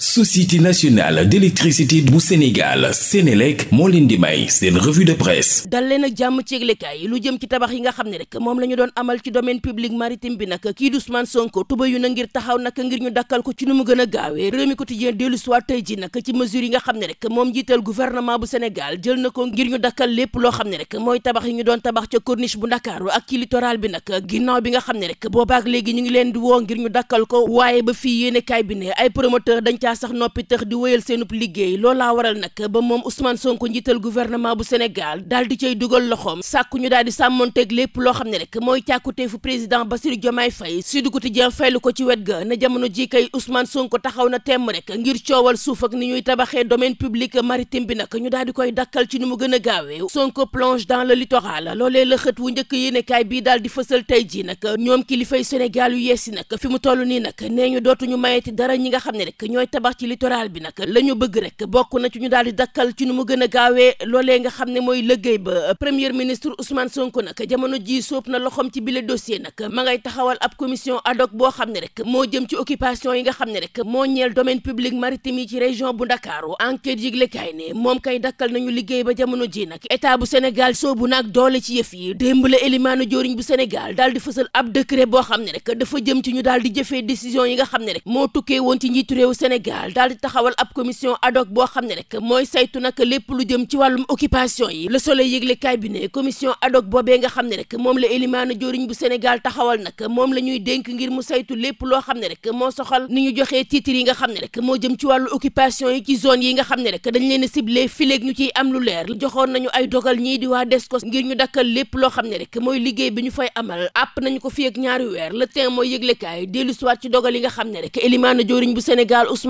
société nationale d'électricité bu Sénégal Sénélec moo leen di may seen revue de presse dal leen ak jàmm ci yi lu jëm ci tabax yi nga xam ne rek moom la ñu doon amal ci domaine public maritime bi nag kii Ousmane Sonko tuba yu na ngir taxaw nag ngir ñu dakkal ko ci nu mu gën a gaawee réew mi quotidien dellu soit tey ji nag ci mesure yi nga xam ne rek moom jiital gouvernement bu Sénégal jël na ko ngir ñu dakkal lépp loo xam ne rek mooy tabax yi ñu doon tabax ca corniche bu Ndakaaru ak ci littoral bi nag ginnaaw leen di woo ngir ñu ko caa sax noppi tax di wéyal seenub liggéey loolaa waral nag ba moom Ousmane Sonko njiital gouvernement bu Sénégal daal di dugal loxoom sàkku ñu daal di sàmmonteeg lépp loo xam ne rek mooy càkkuteefu président Bassirou Diomaye Faye Sud Quotidien faylu ko ci wet ga na jamono ji kay Ousmane ni ñuy tabaxee domaine public maritime bi nag ñu daal di koy dakkal ci ni mu gën a gaawee Sonko plonge dans le littoral loolee a xët wu njëkk yéenekaay bii daal fësal tey ji nag ñoom kilifay Sénégal yu tabax ci littoral bi nag la ñu bëgg rek bokk na ci ñu daal dakkal ci nu mu gën a gaawee loolee nga xam ne mooy liggéey ba premier ministre Ousmane Sonko nag jamono ji sóob na loxoom ci bile dossier nag doole ci yëf yi démb la élimaanu jooriñ bu Sénégal daal di ab décret boo xam ne rek dafa jëm ci ñu daal jëfee décision yi nga xam ne rek moo tukkee woon ci njiitu réew Sénégal Sénégal daal di taxawal ab commission ad hoc boo xam ne rek mooy saytu nag lépp lu jëm ci wàllum occupation yi le soleil yëgle bi ne commission ad hoc boobee nga xam ne rek moom la élimaana joriñ bu Sénégal taxawal moom la ñuy dénk ngir mu saytu lépp loo xam ne rek moo soxal ni ñu joxee titres yi nga ne moo jëm ci wàllu occupation yi ci yi a ciblé fileeg ñu ciy am lu leer joxoon nañu ay dogal ñii di waa DESCOS loo xam ne rek mooy liggéey bi ñu fay amal àpp nañu ko fi ñaari weer le temps mooy yëglekaay dellu siwaat ci dogal yi nga xam ne rek élimaana joriñ bu Sénégal Ousmane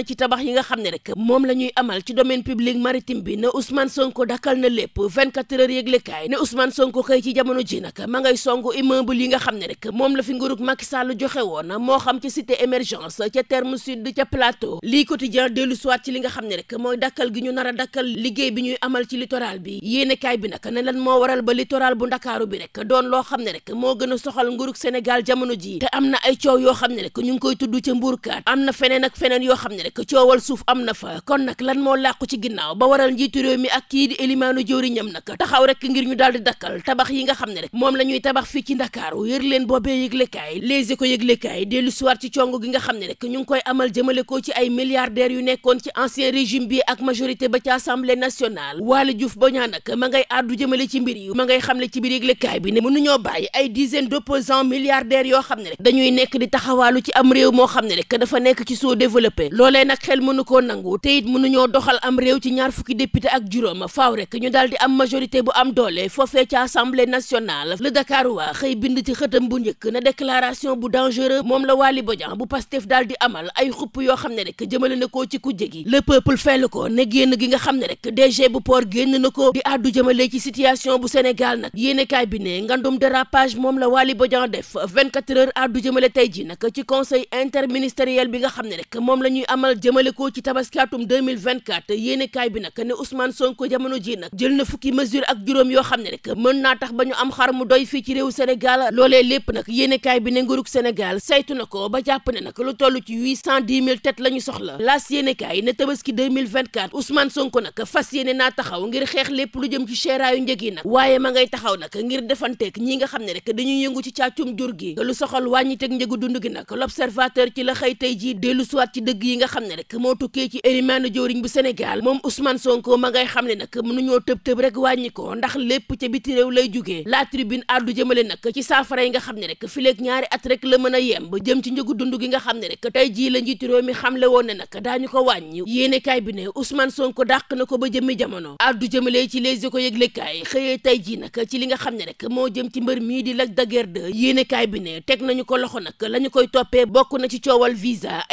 na ci tabax yi nga xam ne rek moom la ñuy amal ci domaine public maritime bi ne Ousmane Sonko dakkal na lépp xam ne rek moo xam ci cité émergence ca terme sud li nga bi ñuy amal ci bi yéenekaay bi nag ne ba littoral bu ndakaaru bi rek loo xam moo gën a soxal nguurug Sénégal jamono ji te am na ay yoo xam feneen ak feneen yoo xam ne rek rek coowal suuf am na fa kon nag lan moo làqu ci ginnaaw ba waral njiitu réew mi ak kii di élimaanu jëwriñam nag taxaw rek ngir ñu daal di dakkal tabax yi nga xam ne rek moom la ñuy tabax fii ci ndakaaru yër leen boobee yëglekaay les éco yëglekaay dellu soir ci cong gi nga xam ne rek ñu ngi koy amal jëmale ko ci ay milliardaires yu nekkoon ci ancien régime bi ak majorité ba ci assemblée nationale Waly Diouf Bodiang nag ma ngay àddu jëmale ci mbir yi ma ngay xamle ci biir yëglekaay bi ne mënuñoo bàyyi ay dizaine d'opposants milliardaires yoo xam ne dañuy nekk di taxawaalu ci am réew moo xam ne rek dafa nekk ci sous développé loolee nag xel mënu koo nangu te it mënuñoo doxal am réew ci ñaar fukki député ak juróom faaw rek ñu daal di am majorité bu am doole foofee ci assemblée nationale le Dakar waa xëy bind ci xëtam bu njëkk na déclaration bu dangereux moom la bo Bodian bu Pastef daal di amal ay xupp yoo xam ne rek jëmale na ko ci ku gi le peuple fell ko ne génn gi nga xam ne rek DG bu port génn na ko di àddu jëmale ci situation bu Sénégal nag yéenekaay bi ne ngandum dérapage moom la Waly Bodian def 24 heures àddu jëmale tey ji nag ci conseil interministériel bi nga xam ne rek moom la ñuy amal amal jëmale ko ci tabaski atum 2024 yéenekaay bi nag ne Ousmane Sonko jamono ji nag jël na fukki mesure ak juróom yoo xam ne rek mën naa tax ba ñu am xar mu doy fii ci réew Sénégal loolee lépp nag yéenekaay bi ne nguurug Sénégal saytu na ko ba jàpp ne nag lu toll ci 810 000 tête la ñu soxla laas yéenekaay ne tabaski 2024 Ousmane Sonko nag fas yéene naa taxaw ngir xeex lépp lu jëm ci seeraayu njëg yi nag waaye ma ngay taxaw nag ngir defanteeg ñi nga xam ne rek dañuy yëngu ci càccum jur gi lu soxal wàññi teg njëgu dund gi nag xam ne rek moo tukkee ci érimaana jëwriñ bu Sénégal moom Ousmane Sonko ma ngay xam ne nag mënuñoo tëb-tëb rek wàññi ndax lépp ca biti lay jugee la tribune addu jëmale nag ci saafara yi nga xam ne rek fileeg ñaari at rek la mën a yemb jëm ci njëgu dund gi nga xam ne rek tey jii la njiitu réew mi xamle woon ne nag daañu ko wàññi yéenekaay bi ne Ousmane Sonko dàq na ko ba jëmmi jamono addu jëmale ci les éco yëglekaay xëyee tey jii nag ci li nga xam ne rek moo jëm ci mbër di Lac de Guiers bi ne la ñu koy toppee bokk na ci coowal visa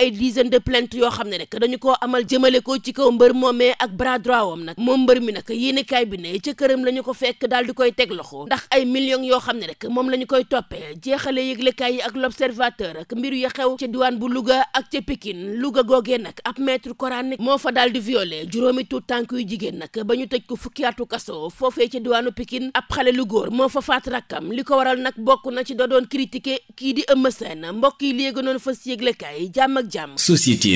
xam ne rek dañu koo amal jëmale ko ci kaw mbër moomee ak bras droit wam nag moom mbër mi nag yéenekaay bi ne ca këram la ñu ko fekk daal di koy teg loxo ndax ay millions yoo xam ne rek moom la ñu koy toppee jeexale yëglekaay yi ak l'observateur ak mbir ya xew ci diwaan bu Louga ak ca Pikine Louga googee nag ab maître coranique moo fa dal di violé juróomi tuut tànk yu jigéen nag ba ñu teg ko fukki atu kaso foofee ca diwaanu Pikine ab xale lu góor moo fa faat rakkam li ko waral nag bokk na ci da doon critiqué kii di Eumeu Sène mbokk yi léegi noonu fas yëglekaay jàmm ak jàmm société